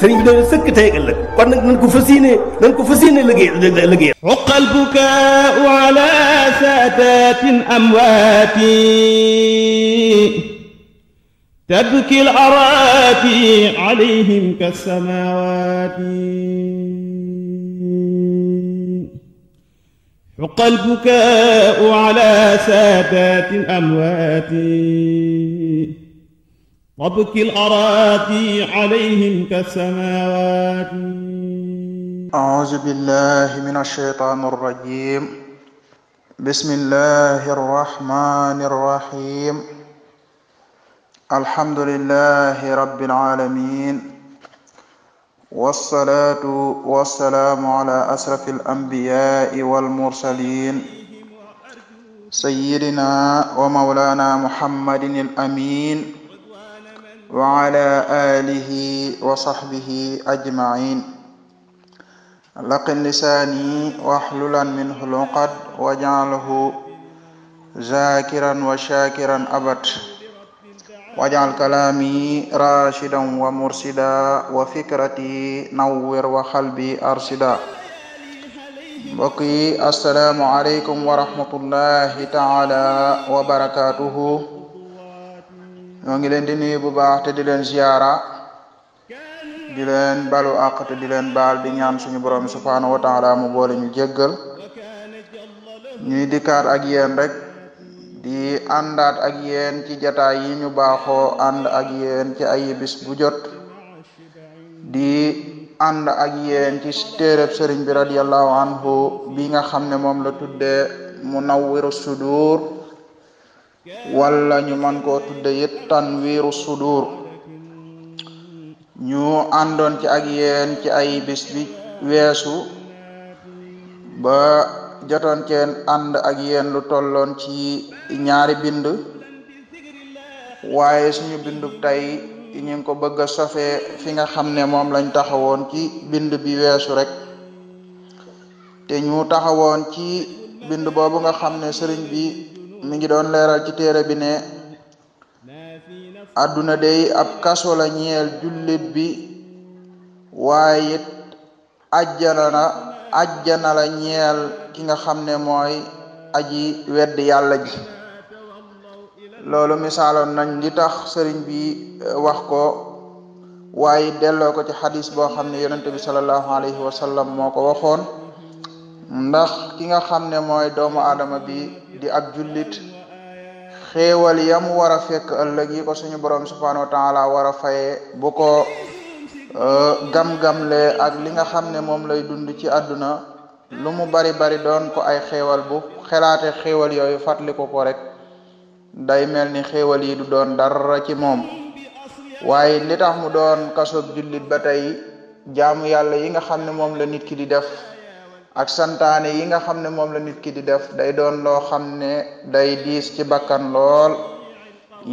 sëriñ bi dañu sëkk tey ëllëg kon nag nañ ko fas yéene nañ ko fas yéene liggéey liggéey uqal bukaau ala saadatin amwaati tabki al araati alayhim kasamawaati حق البكاء على سادات أمواتي وابكي الأراضي عليهم كالسماوات أعوذ بالله من الشيطان الرجيم بسم الله الرحمن الرحيم الحمد لله رب العالمين والصلاة والسلام على أشرف الأنبياء والمرسلين سيدنا ومولانا محمد الأمين wa ala alihi wa sahbihi ajmain laqin lisani wahlulan minhu luqad wajalhu zakiran wa shakiran abad wajal kalami rashidan wa mursida wa fikrati nawwir wa xalbi arsida mbokk yi asalaamu aleykum wa rahmatullahi taala wa barakatuhu ñoo ngi leen di nuyu bu baax te di leen ziyaara di leen balu àq te di leen baal di ñaan suñu borom subhaanahu wa taala mu boole ñu jéggal ñuy dikkaat ak yéen rek di àndaat ak yéen ci jataay yi ñu baaxoo ànd ak yéen ci ay bis bu jot di ànd ak yéen ci téereb sëriñ bi radiallahu anhu bi nga xam ne moom la tuddee Munawwirus Sudur wala ñu man koo tudde it tanwiru sudur ñu àndoon ci ak ci ay bis bi weesu ba jotoon ceen ànd ak yéen lu tolloon ci ñaari bind waaye suñu bindub tey ñu ko bëgg a sofee fi nga xam ne moom lañ taxawoon ci bind bi weesu rek te ñu taxawoon ci bind boobu nga xam ne sëriñ bi mi ngi doon leeral ci téere bi ne adduna day ab kaso la ñeel jullit bi waaye it ajjana la ñeel ki nga xam ne mooy aji wedd yàlla bi loolu misaaloon nañ li tax sëriñ bi eh, wax ko waaye delloo ko ci xadiis boo xam ne yonente bi sallallahu alayhi wa sallam moo ko waxoon ndax ki nga xam ne mooy doomu aadama bi di ab julit xéewal yam war a fekk ëllëg yi ko suñu borom subhanahu wa taala war a fayee bu ko euh, gam-gamle ak li nga xam ne moom lay dund ci àdduna lu mu bari bari doon ko ay xéewal bu xelaate xewal yooyu fàttaliku ko rek day mel ni xéewal yi du doon dara ci moom waaye litax mu doon kasob jullit ba tey jamu yàlla yi nga xam ne moom la nit ki di def ak santaane yi nga xam ne moom la nit ki di def day doon loo xam ne day diis ci bakkan lool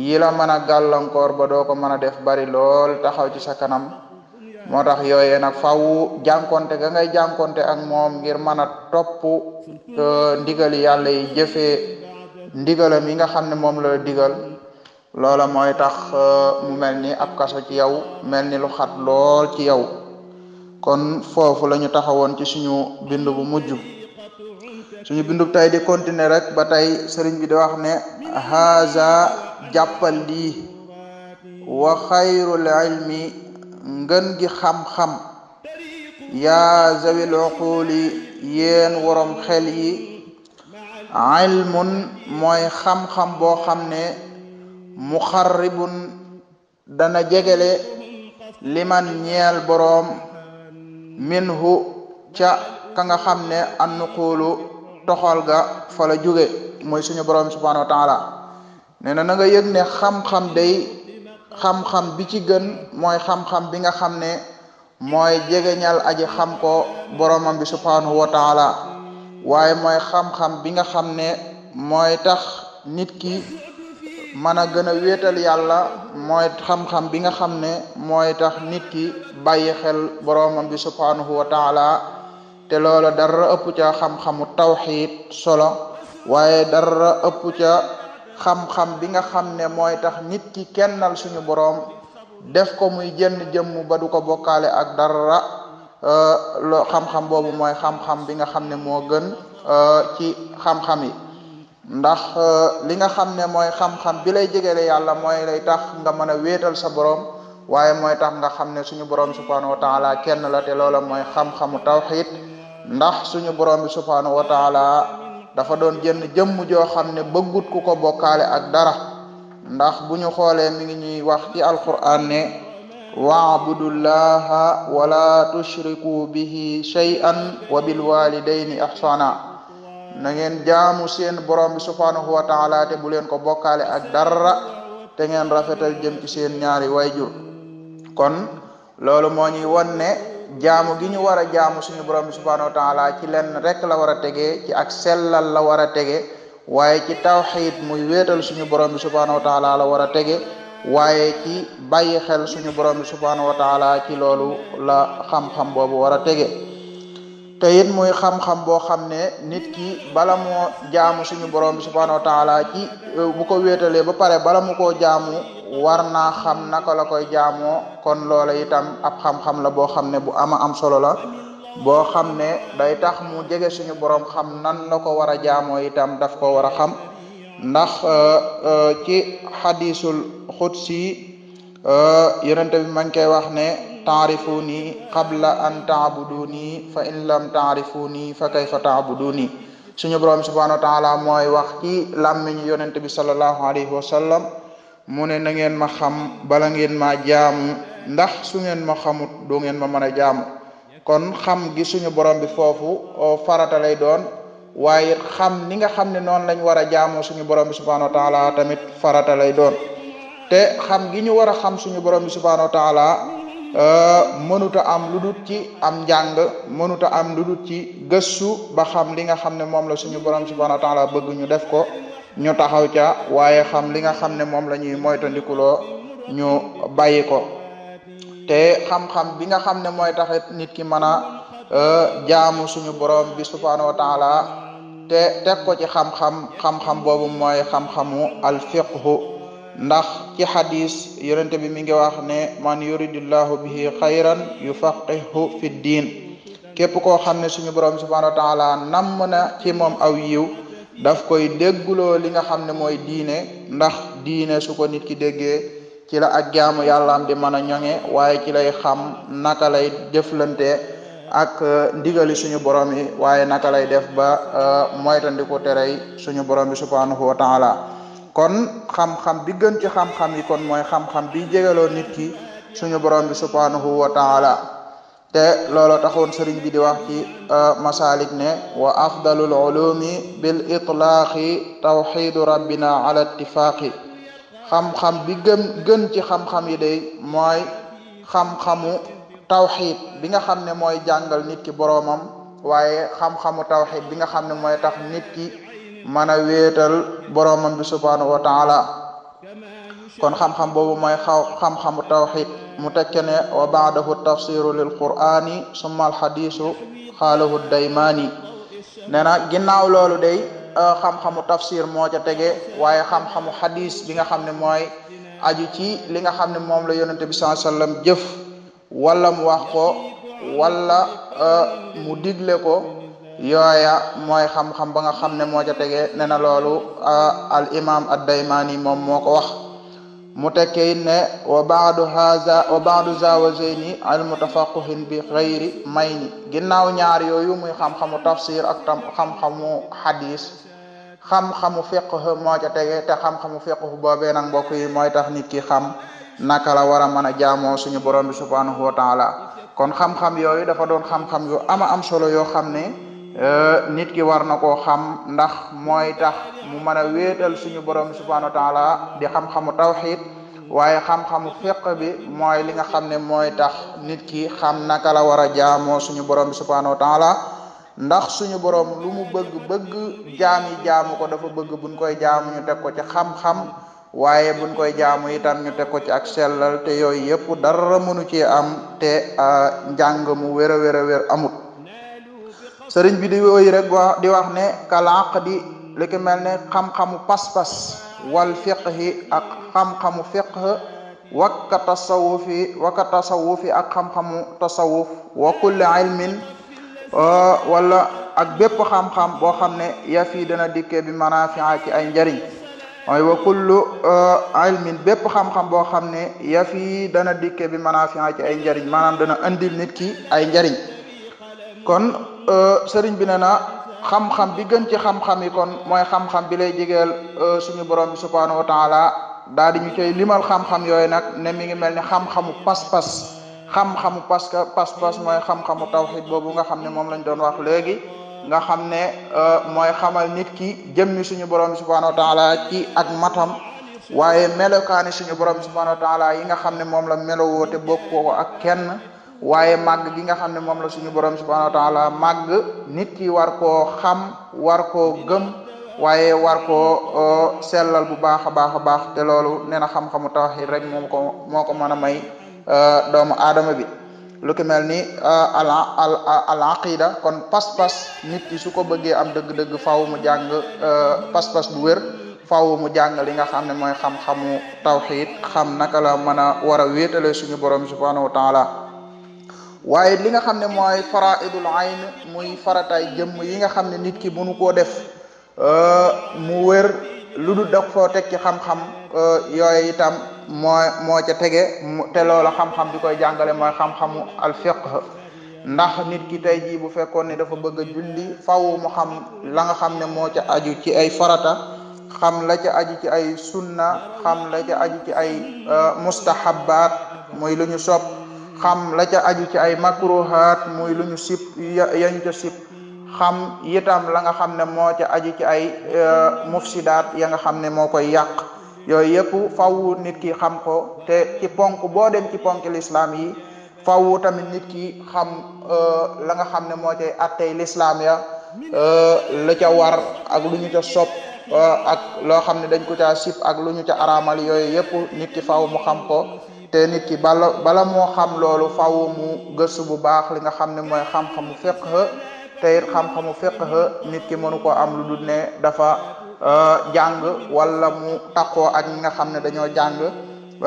yi la mën a gàllankoor ba doo ko mën a def bari lool taxaw ci sa kanam moo tax yooye nag faw jànkonte ga ngay jànkonte ak moom ngir mën a topp ndigali yàlla yi ndigalam yi nga xam ne moom la digal loola mooy tax euh, mu mel ni ab kaso ci yow mel ni lu xat lool ci yow kon foofu lañu taxawoon ci suñu bind bu mujj suñu bindu tey di continuer rek ba tey sëriñ bi di wax ne haza jàppal lii wa xayrul ilmi ngën gi xam-xam yaa zawil uquli yéen worom xel yi ilmun mooy xam-xam boo xam ne muxarribun dana jegele liman ñeel boroom minhu ca ka nga xam ne na nuqulu toxal ga fala la jóge mooy suñu borom subhanahu wa ne nee na na nga yëg ne xam-xam day xam-xam bi ci gën mooy xam-xam bi nga xam ne mooy jegeñal aji xam ko boromam bi subhanahu wa taala waaye mooy xam-xam bi nga xam ne mooy tax nit ki mën a gën a wéetal yàlla mooy xam-xam bi nga xam ne mooy tax nit ki bàyyi xel boroomam bi subhanahu wa taala te loola dara ëpp ca xam-xamu tawxiid solo waaye dara ëpp ca xam-xam bi nga xam ne mooy tax nit ki kennal suñu boroom def ko muy jënn jëmm ba ko bokkaale ak dara euh, loo xam-xam boobu mooy xam-xam bi nga xam ne moo gën euh, ci xam-xam yi ndax eh, li nga xam ne mooy xam-xam bi lay jegele yàlla mooy lay tax nga mën a wéetal sa borom waaye mooy tax nga xam ne suñu borom subhanahu wa kenn la te loola mooy xam-xamu tawxid ndax suñu borom bi subhanahu wa taala dafa doon jënn jëmm joo xam ne bëggut ku ko bokkaale ak dara ndax bu ñu xoolee mi ngi ñuy wax ci alquran ne waabudullaha wala tushriku bihi shay'an wa bilwalidayni ihsana na ngeen jaamu seen borom bi subhanahu wa te bu leen ko bokkaale ak dara te ngeen rafetal jëm ci seen ñaari wayjur kon loolu moo ñuy won ne jaamu gi ñu war a jaamu suñu borom bi subhanahu wa taala ci lenn rek la war a tegee ci ak sellal la war a tege waaye ci tawxiid muy wéetal suñu borom bi subhanahu wa taala la war a tege waaye ci bàyyi xel suñu borom bi subhanahu wa ci loolu la xam-xam boobu war a tege te it muy xam-xam boo xam ne nit ki bala moo jaamu suñu borom bi subhanahu wa taala ci euh, bu ko wéetalee ba pare bala mu koo jaamu war naa xam naka la koy jaamoo kon loole itam ab xam-xam la boo xam ne bu ama am solo la boo xam ne day tax mu jege suñu borom xam nan la ko war a jaamoo itam daf ko war a xam ndax euh, euh, ci xadisul xudsi yonente bi ma ngi koy wax ne taarifuni qabla an taabuduni fa in lam taarifuni fa kayfa taabuduni suñu borom subhanahu wa taala mooy wax ci làmmiñu yonent bi sallallahu alayhi wa sallam mu ne na ngeen ma xam bala ngeen maa jaamu ndax su ngeen ma xamut doo ngeen ma mën a jaamu kon xam gi suñu borom bi foofu farata lay doon waaye xam ni nga xam ne noonu lañ war a jaamoo suñu borom bi subhanahu wa taala tamit farata lay doon te xam gi ñu war xam suñu borom bi subhanahu Euh, mënuta am lu dut ci am njàng mënuta am lu dut ci gëstu ba xam li nga xam ne moom la suñu borom subhanahu wa taala bëgg ñu def ko ñu taxaw ca waaye xam li nga xam ne moom la ñuy moytandikuloo ñu bàyyi ko te xam-xam bi nga xam ne mooy taxit nit ki mën a euh, jaamu suñu borom bi subhanahu wa te teg ko ci xam-xam boobu mooy xam-xamu alfiqhu ndax ci xadis yonente bi mi ngi wax ne man yuridillahu bihi xayran yufaqihu fi diin képp koo xam ne suñu borom subhanahu wa taala namm na ci moom aw yiw daf koy dégguloo li nga xam ne mooy diine ndax diine su ko nit ki déggee ci la ak jaamu yàllaam di mën a ñoŋe waaye ci lay xam naka lay jëflante ak uh, ndigali suñu borom yi waaye naka lay def ba uh, moytandiku terey suñu borom bi subhanahu wa taala kon xam-xam bi gën ci xam-xam yi kon mooy xam-xam bi jegaloo nit ki suñu borom bi subhanahu wa taala te loolo taxoon sëriñ bi di wax ci euh, masalik ne wa afdalul ulumi bil itlaaqi tawxidu rabbina ala ittifaaqi xam-xam bi gën gën ci xam-xam yi day mooy xam-xamu tawxid bi nga xam ne mooy jàngal nit ki boroomam waaye xam-xamu tawxid bi nga xam ne mooy tax nit ki mën a wéetal boromam bi subhanahu wa taala kon xam-xam boobu mooy xaw xam taw tawxid mu tekke ne wa baadahu tafsiru lil qur'ani summa al hadisu xaalahu daymaani nee na ginnaaw loolu day euh, xam-xamu tafsir moo ca tege waaye xam-xamu hadis bi nga xam ne mooy aju ci li nga xam ne moom la yonente bi sallallahu alayhi wasallam jëf wala mu wax ko wala euh, mu digle ko yooya mooy xam-xam ba nga xam ne moo ca tege ne na loolu al imam ad-Daymaani moom moo ko wax mu tekke it ne wa baadu haza wa baadu zawajayni al mutafaqihin bi xayri may ni ginnaaw ñaar yooyu muy xam-xamu tafsir ak tam xam-xamu hadis xam-xamu fiqh moo ca tege te xam-xamu fiqh boobee nag mbokk yi mooy tax nit ki xam naka la war a mën a jaamoo suñu borom bi subhanahu wa kon xam-xam yooyu dafa doon xam-xam yu ama am solo yoo xam ne Euh, nit ki war na koo xam ndax mooy tax mu mën a wéetal suñu borom subhanahu wa taala di xam-xamu tawxid waaye xam-xamu fiq bi mooy li nga xam ne mooy tax nit ki xam naka la war a jaamoo suñu borom subhanahu wa taala ndax suñu borom lu mu bëgg bëgg jamu ko dafa bëgg buñ koy jaamu ñu teg ko ci xam-xam waaye buñ koy jaamu itam ñu teg ko ci ak sellal te yooyu yëpp dara mënu ci am te euh, njàng mu wér a wér a wér amut. sëriñ bi di wooyu wax ne kalaq di li ki mel ne xam-xamu pas-pas wal fiqhi ak xam-xamu fiqh wakka tasawufi wakka tasawufi ak xam-xamu tasawuf wa kulli ilmin euh, bépp xam-xam boo xam ne ya fii dana dikkee bi manafia ci ay njariñ mooy wa kullu euh, bépp xam boo xam ne ya dana dikkee bi manafia ci ay njariñ maanaam dana andil nit ki ay njariñ kon Euh, sëriñ bi ne na xam-xam bi gën ci xam-xam yi kon mooy xam-xam bi lay jigeel euh, suñu borom bi subhaanahu wa taala daal di ñu cay limal xam-xam yooyu nag ne mi ngi mel ni xam-xamu pas-pas xam-xamu paska pas-pas mooy xam-xamu boobu nga xam ne moom lañ doon wax léegi nga xam ne euh, mooy xamal nit ki jëmmi suñu borom bi subhaanahu wa taala ci ak matam waaye melokaani suñu borom bi subhaanahu wa taala yi nga xam ne moom la melowoo te ko ak kenn waaye màgg gi nga xam ne moom la suñu borom subhanahu wa taala màgg nit ki war koo xam war koo gëm waaye war koo uh, sellal bu baax a baax a baax te loolu nee na xam-xamu tawhid rek ko moo ko mën a may uh, doomu aadama bi lu ki ni uh, al al aqida kon pas-pas nit ki su ko bëggee am dëgg-dëgg mu jàng pas-pas bu wér faaw mu jàng li nga xam ne mooy xam-xamu tawhid xam naka la mën a war a wéetale suñu borom subhanahu wa taala waaye li nga xam ne mooy faraidul ayn muy farataay jëmm yi nga xam ne nit ki mënu koo def euh, mu wër lu du dog foo teg ci xam-xam euh, yooyu itam moo moo ca tege te loola xam-xam bi koy jàngale mooy xam-xamu al ndax nit ki tey jii bu fekkoon ne dafa bëgg a julli faaw xam langa xam ne moo ca aju ci ay farata xam la ca aju ci ay sunna xam la aju ci ay euh, mustahabaat muy lu ñu xam la ca aju ci ay makruhaat muy lu ñu sip yañ ca sip xam yitam la nga xam ne moo ca aju ci ay e, mufsidaat ya nga xam ne moo koy yàq yooyu yëpp fawwu nit ki xam ko te ci ponk boo dem ci ponk lislaam yi fawu tamit nit ki xam e, la nga xam ne moo cay attey lislaam ya e, la ca war ak lu ñu ca sopp ak loo xam ne dañ ko caa sip ak lu ñu ca araamal yooyu yëpp nit ki faw mu xam ko te nit ki bala bala moo xam loolu faw mu gëstu bu baax li nga xam ne mooy xam-xamu fiqh te it xam-xamu fiqh nit ki mënu ko am lu dul ne dafa euh, jàng wala mu takkoo ak ñi nga xam ne dañoo jàng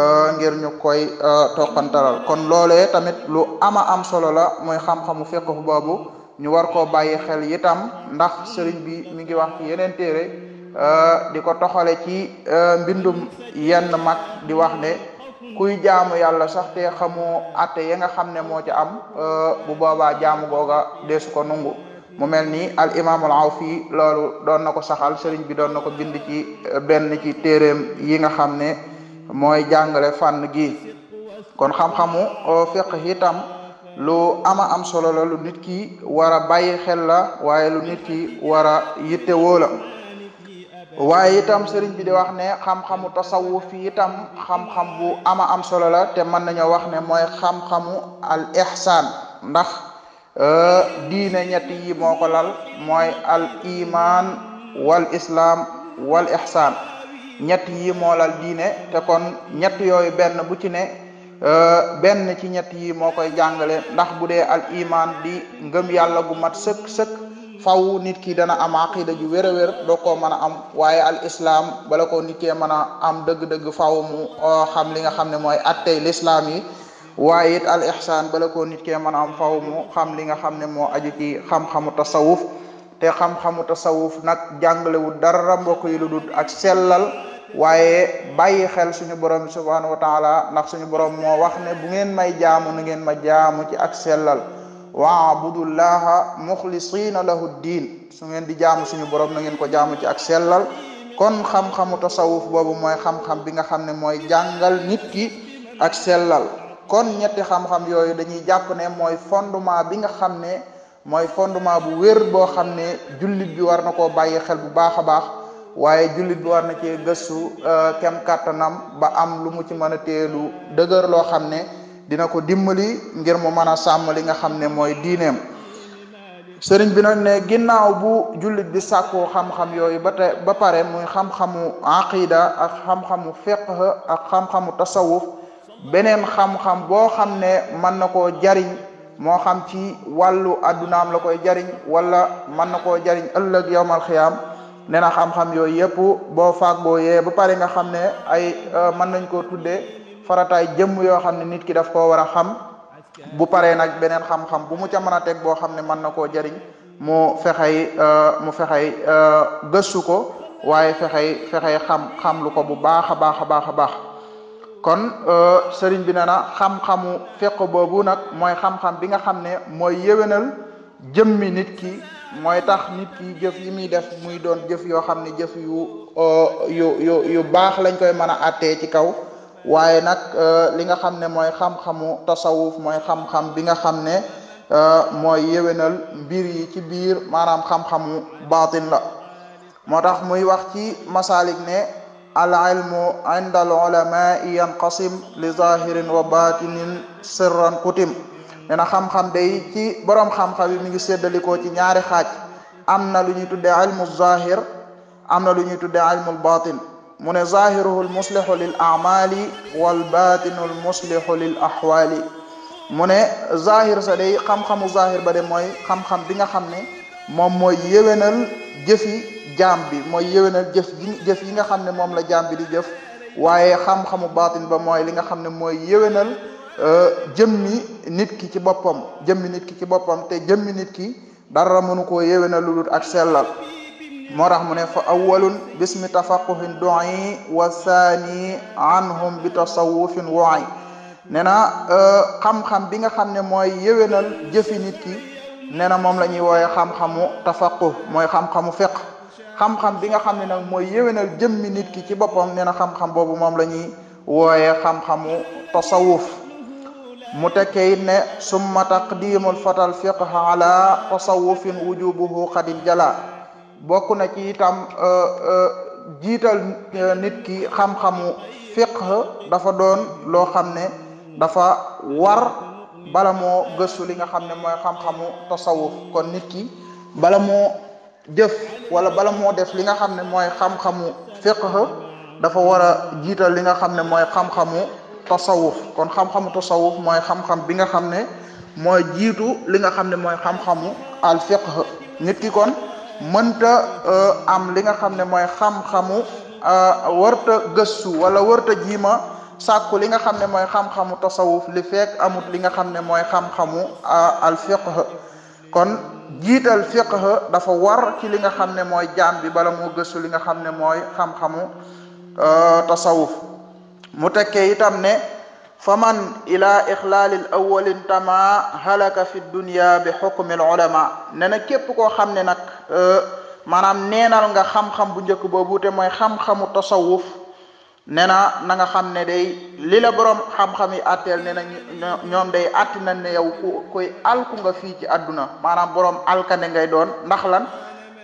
euh, ngir ñu koy euh, toppantaral kon loole tamit lu ama am solo la mooy xam-xamu fiqh boobu ñu war koo bàyyi xel yitam ndax sëriñ bi mi ngi wax ci yeneen téere di ko toxale ci mbindum yenn mag di wax ne kuy jaamu yàlla sax te xamoo ate ya nga xam ne moo ci am euh, bu boobaa jaamu googa des ko nungu mu mel ni al imaamul Awfi loolu doon na ko saxal sëriñ bi doon na ko bind ci euh, benn ci téeréem yi nga xam ne mooy jàngale fànn gi kon xam-xamu euh, fiqh itam lu ama am solo la lu nit ki war a bàyyi xel la waaye lu nit ki war a yittewoo la waaye itam sëriñ bi di wax ne xam-xamu tasawuf yi itam xam-xam bu ama am solo la te mën nañoo wax ne mooy xam-xamu al ihsaan ndax euh, diine ñetti yi moo lal mooy al iman wal islam wal ihsaan ñett yi lal diine te kon ñett yooyu benn bu ci ne euh, benn ci ñett yi moo koy jàngale ndax bu dee al iman di ngëm yàlla gu mat sëkk sëkk faw nit ki dana am aqida ju wér a wér doo koo mën a am waaye al islam bala ko nit kee mën a am dëgg-dëgg faw mu uh, xam li nga xam ne mooy attey lislaam yi waaye it al ko nit mën a am faw mu xam li nga xam ne moo aju ci xam-xamu tasawuf te xam-xamu tasawuf nag jàngalewul dara mbokk yi lu dul ak sellal waaye bàyyi xel suñu borom bi subhanahu wa taala ndax suñu borom moo wax ne bu ngeen may jaamu nu ngeen ma jaamu ci ak sellal waabudullaha muxlisina lahu diin su ngeen di jaamu suñu borom na ngeen ko jaamu ci ak sellal kon xam-xamu boobu mooy xam bi nga xam ne mooy jàngal nit ki ak sellal kon ñetti xam yooyu dañuy jàpp ne mooy fondement bi nga xam ne mooy fondement bu wér boo xam ne jullit bi war na koo bàyyi xel bu baax a baax waaye jullit bi war na cee gëstu euh, kem kàttanam ba am lu mu ci mën a téelu dëgër loo xam ne dina ko dimbali ngir mu mën a sàmm li nga xam ne mooy diineem sëriñ bi nag ne ginnaaw bu jullit bi sako xam-xam yooyu ba pare muy xam-xamu aqida ak xam-xamu fiqh ak xam-xamu tasawuf beneen xam-xam boo xam ne mën na ko jariñ moo xam ci wàllu addunaam la koy jariñ wala mën na ko jariñ ëllëg yowmal xiyaam nena na xam-xam yooyu yëpp boo faak boo yee ba pare nga xam ne ay euh, mën nañ koo tuddee farataay jëmm yoo xam ne nit ki daf koo war a xam bu paree nag beneen xam-xam bu mu ca mën a teg boo xam ne mën na koo jariñ mu fexey euh, mu fexey euh, gëstu ko waaye fexey fexey xam xam lu ko bu baax a baax a baax a baax kon euh, sëriñ bi na na xam-xamu fiq boobu nag mooy xam-xam bi nga xam ne mooy jëm mi nit ki mooy tax nit ki jëf yi muy def muy doon jëf yoo xam ne jëf yu yu yu baax lañ koy mën a àttee ci kaw waaye nag euh, li nga xam ne mooy xam-xamu tasawuf mooy xam-xam bi nga xam ne euh, mooy yéwénal mbir yi ci biir maanaam xam-xamu baatin la moo tax muy wax ci masalik ne al ilmu inda al ulamai yanqasim li zahirin wa batinin sirran kutim nee na xam de day ci borom xam-xam yi mi ngi séddalikoo ci ñaari xaaj am na lu ñuy tudde ilmu zahir am na lu ñuy tudde ilmul batin mu ne zahiruhu lmuslihu lil amali wal batinu lmuslihu lil ahwali mu ne zahir sa day xam-xamu zahir ba mooy xam-xam bi nga xam ne moom mooy yéwénal jëfi jaam bi mooy yéwénal jëf jëf yi nga xam ne moom la jaam bi di jëf waaye xam-xamu baatin ba mooy li nga xam ne mooy yéwénal euh, jëmmi nit ki ci boppam jëmmi nit ki ci boppam te jëmmi nit ki dara mënu ko yéwénal lu dul ak sellal moo tax mu ne fa awalun bismi tafaquhin doi wa saani anhum bi tasawufin woi nee na euh, xam-xam bi nga xam ne mooy yéwénal jëfi nit ki nee na moom la ñuy wooye xam-xamu tafaquh mooy xam-xamu fiq xam-xam bi nga xam ne na mooy yéwénal jëmmi nit ki ci boppam nee na xam-xam boobu moom la ñuy wooye xam-xamu tasawuf mu tekkee it ne summa taqdimul fatal fiqha ala tasawufin wujubuhu xadil jala bokk na ci itam euh, euh, jiital euh, nit ki xam-xamu fiqh dafa doon loo xam ne dafa war bala moo gëstu li nga xam ne mooy xam-xamu tasawuf kon nit ki bala moo jëf wala bala moo def li nga xam ne mooy xam-xamu dafa war a jiital li nga xam ne mooy xam-xamu tasawuf kon xam-xamu mooy xam-xam bi nga xam ne mooy jiitu li nga xam ne mooy xam-xamu al fiqh nit ki kon mënta euh, am li nga xam ne mooy xam-xamu euh, warta gëstu wala warta jiima sàkku li nga xam ne mooy xam-xamu tasawuf li fekk amut li nga xam ne mooy xam-xamu euh, al fiqh kon jiital fiqh dafa war ci li nga xam ne mooy jaan bi bala moo gëstu li nga xam ne mooy xam-xamu tasawuf mu tekkee itam ne faman ila ixlaalil awalin tama halaka fi dunia bi xukmil ulama ne na képp koo xam ne nag euh, maanaam neenal nga xam-xam bu njëkk boobu te mooy xam-xamu tasawuf ne na na nga xam ne day lila la boroom xam-xam yi attel ne na ñoom day atti na ne yow ku koy alku nga fii ci àdduna maanaam boroom alkande ngay doon ndax lan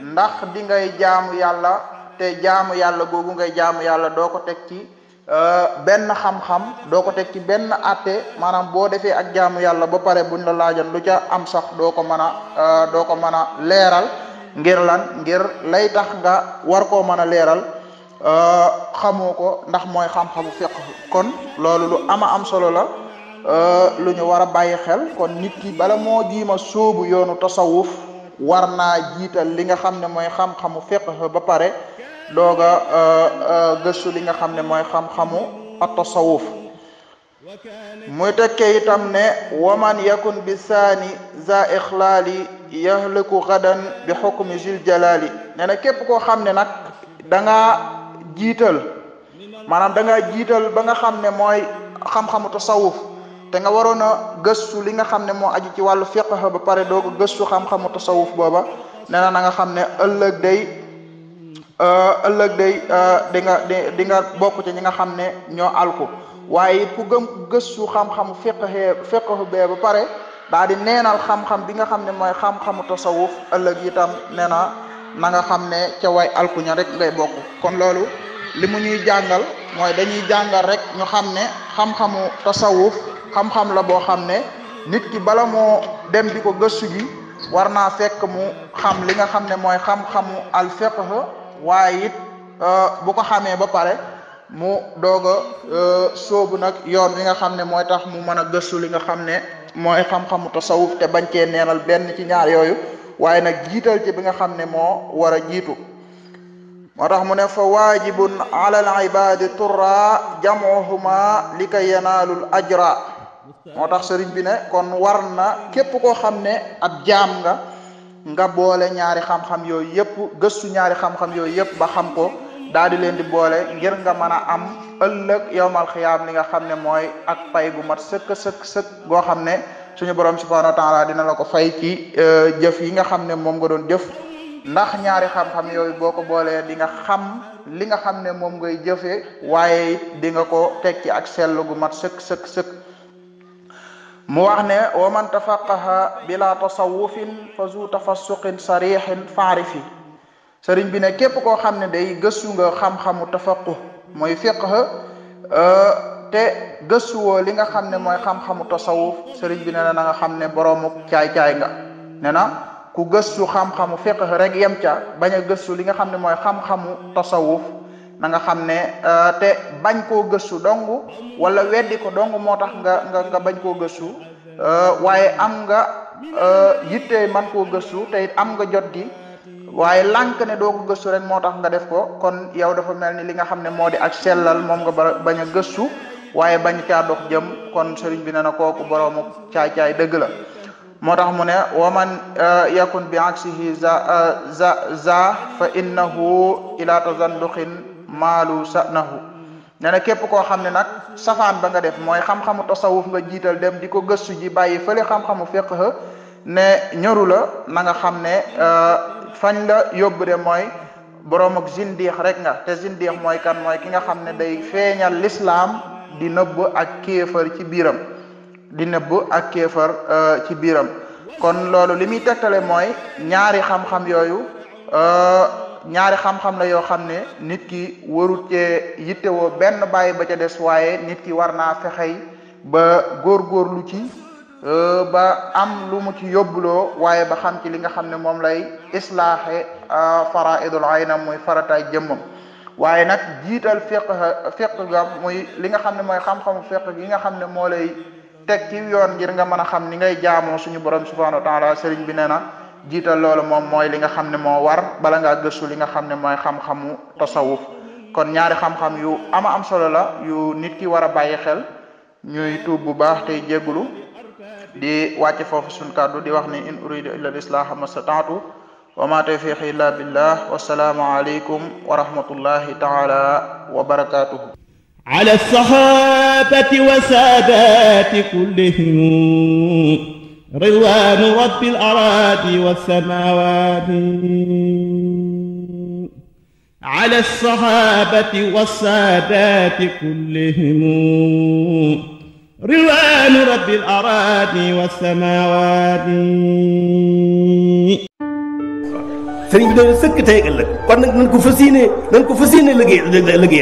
ndax di jaamu yàlla te jaamu yàlla googu ngay jaamu yàlla doo ko teg ci Euh, benn xam-xam doo ko teg ci benn atte maanaam boo defee ak jaamu yàlla ba pare buñ la laajan lu ca am sax doo ko mën a euh, doo ko mën a leeral ngir lan ngir lay tax nga war koo mën a leeral euh, xamoo ko ndax mooy xam-xamu fiqh kon loolu lu ama am solo la lu ñu war a bàyyi xel kon nit ki bala moo jiima sóobu yoonu tasawuf war naa jiital li nga xam ne mooy xam-xamu fiqh ba pare doog a euh, euh, gëstu li nga xam ne mooy xam-xamu at-tasawuf muy tekkee itam ne waman yakun bi saani za ixlaali yaxliku gadan bi xukmi zil jalaali nee na képp koo xam ne nag da ngaa jiital maanaam danga jiital ba nga xam ne mooy xam-xamu tasawuf te nga waroon a gëstu li nga xam ne moo aju ci wàllu fiqh ba pare doog a gëstu xam-xamu tasawuf booba nee nanga xam ne ëllëg day Euh, ëllëg day euh, di nga di nga bokk ci ñi nga xam ne ñoo alku waaye it ku gëm gëstu xam-xamu fiqhee fiqhu ba pare daa di neenal xam-xam bi nga xam ne mooy xam-xamu tasawuf ëllëg itam nee na na nga xam ne ca way rek ngay bokk kon loolu li mu ñuy jàngal mooy dañuy jàngal rek ñu xam ne xam-xamu tasawuf la boo xam ne nit ki bala moo dem di ko gëstu gi war naa fekk mu xam li nga xam ne mooy xam-xamu al fiqh waaye it euh, bu ko xamee ba pare mu doog a euh, sóobu nag yoon wi nga xam ne mooy tax mu mën a gëstu li nga xam ne mooy xam-xamu tasawuf te bañ cee neenal benn ci ñaar yooyu waaye nag jiital ci bi nga xam ne moo war a jiitu moo tax mu ne fa waajibun ala al ibadi turra jamuhuma li kay yanaalul ajra moo tax sëriñ bi ne kon war na képp koo xam ne ab jaam nga nga boole ñaari xam-xam yooyu yëpp gëstu ñaari xam-xam yooyu yëpp ba xam ko daal di leen di boole ngir nga mën a am ëllëg yowmal xiyaam li nga xam ne mooy ak pay bu mat sëkk sëkk sëkk goo xam ne suñu borom subhanahu wa taala dina la ko fay ci euh, jëf yi nga xam ne moom nga doon jëf ndax ñaari xam-xam yooyu boo ko boolee di nga xam li nga xam ne moom ngay jëfee waaye dinga ko teg ci ak sell gu mat sëkk sëkk sëkk. mu wax ne wa man tafaqaha bila tasawufin fa zu tafassuqin sarihin faarifi sëriñ bi ne képp koo xam ne day gëstu nga xam-xamu tafaqu mooy fiqh euh, te gëstuwoo li nga xam ne mooy xam-xamu tasawuf sëriñ bi ne na xam ne boroomu caay-caay nga ne na ku gëstu xam-xamu fiqh rek yem ca bañ a gëstu li nga xam ne mooy xam-xamu tasawuf na nga xam ne euh, te bañ koo gëstu dong wala weddi ko dong moo tax nga nga bañ koo gëssu euh, waaye am nga euh, yitte man koo gëstu te am nga jot di waaye lànk ne doo ko gëstu rek moo tax nga def ko kon yow dafa mel ni li nga xam ne moo di ak sellal moom nga bañ a gëstu waaye bañ caa dox jëm kon sëriñ bi ne na kooku boroomu caay-caay dëgg la moo tax mu ne waman yakun bi aksihi za za za fa innahu ila tazanduqin maalu sa'nahu nee na képp koo xam ne nag safaan ba nga def mooy xam-xamu tasawuf nga jiital dem di ko gëstu ji bàyyi fële xam-xamu fiqh ne ñoru la na nga xam ne euh, fañ la yóbbu de mooy boroom ak zindiix rek nga te zindiix mooy kan mooy ki nga xam ne day feeñal lislaam di nëbb ak kéefar ci biiram di nëbb ak kéefar euh, ci biiram kon loolu li muy mooy ñaari xam-xam yooyu euh, ñaari xam-xam la yoo xam ne nit ki warut cee yittewoo benn bàyyi ba ca des waaye nit ki war naa fexey ba góorgóorlu ci euh, ba am lu mu ci yóbbuloo waaye ba xam ci li nga xam ne moom lay islaaxe euh, faraidul nam mooy farataay jëmmam waaye nag jiital fiq fiq ga mooy li nga xam ne mooy xam-xamu fiq gi nga xam ne moo lay teg ci yoon ngir nga mën a xam ni ngay jaamoo suñu borom subhanahu wa taala sëriñ bi nee na jiital loolu moom mooy li nga xam ne moo war bala ngaa gëstu li nga xam ne mooy xam-xamu tasawuf kon ñaari xam-xam yu ama am solo la yu nit ki war a bàyyi xel ñuy tuub bu baax tey jéggulu di wàcc foofu suñ kàddu di wax ni in uridu illa lislaaha mastataatu wa ma tawfiqi illa billah wassalaamu aleykum wa rahmatullahi taala wa barakatuhu ala sahabati wa saadati kullihim ridwaanu rabbil araadi wassamaawaati ala saxaabati wassaadaati kullihim ridwaanu rabbil araadi wassamaawaati. sëriñ bi de sëkk tey ëllëg kon nag nañ ko fas yéene nañ ko fas yéene liggéey liggéey